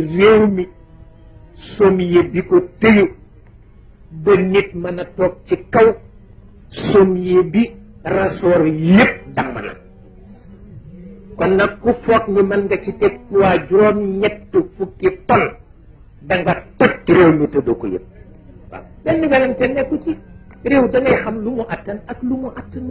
réew mi sommier bi ko tëyu ba nit mën a toog ci kaw sommier bi rasoor yépp damm na kon nag ku foog ni mën nga toj réew mi te doo ko yëpp waaw benn werante nekku ci réew da xam lu mu attan ak lu mu attanu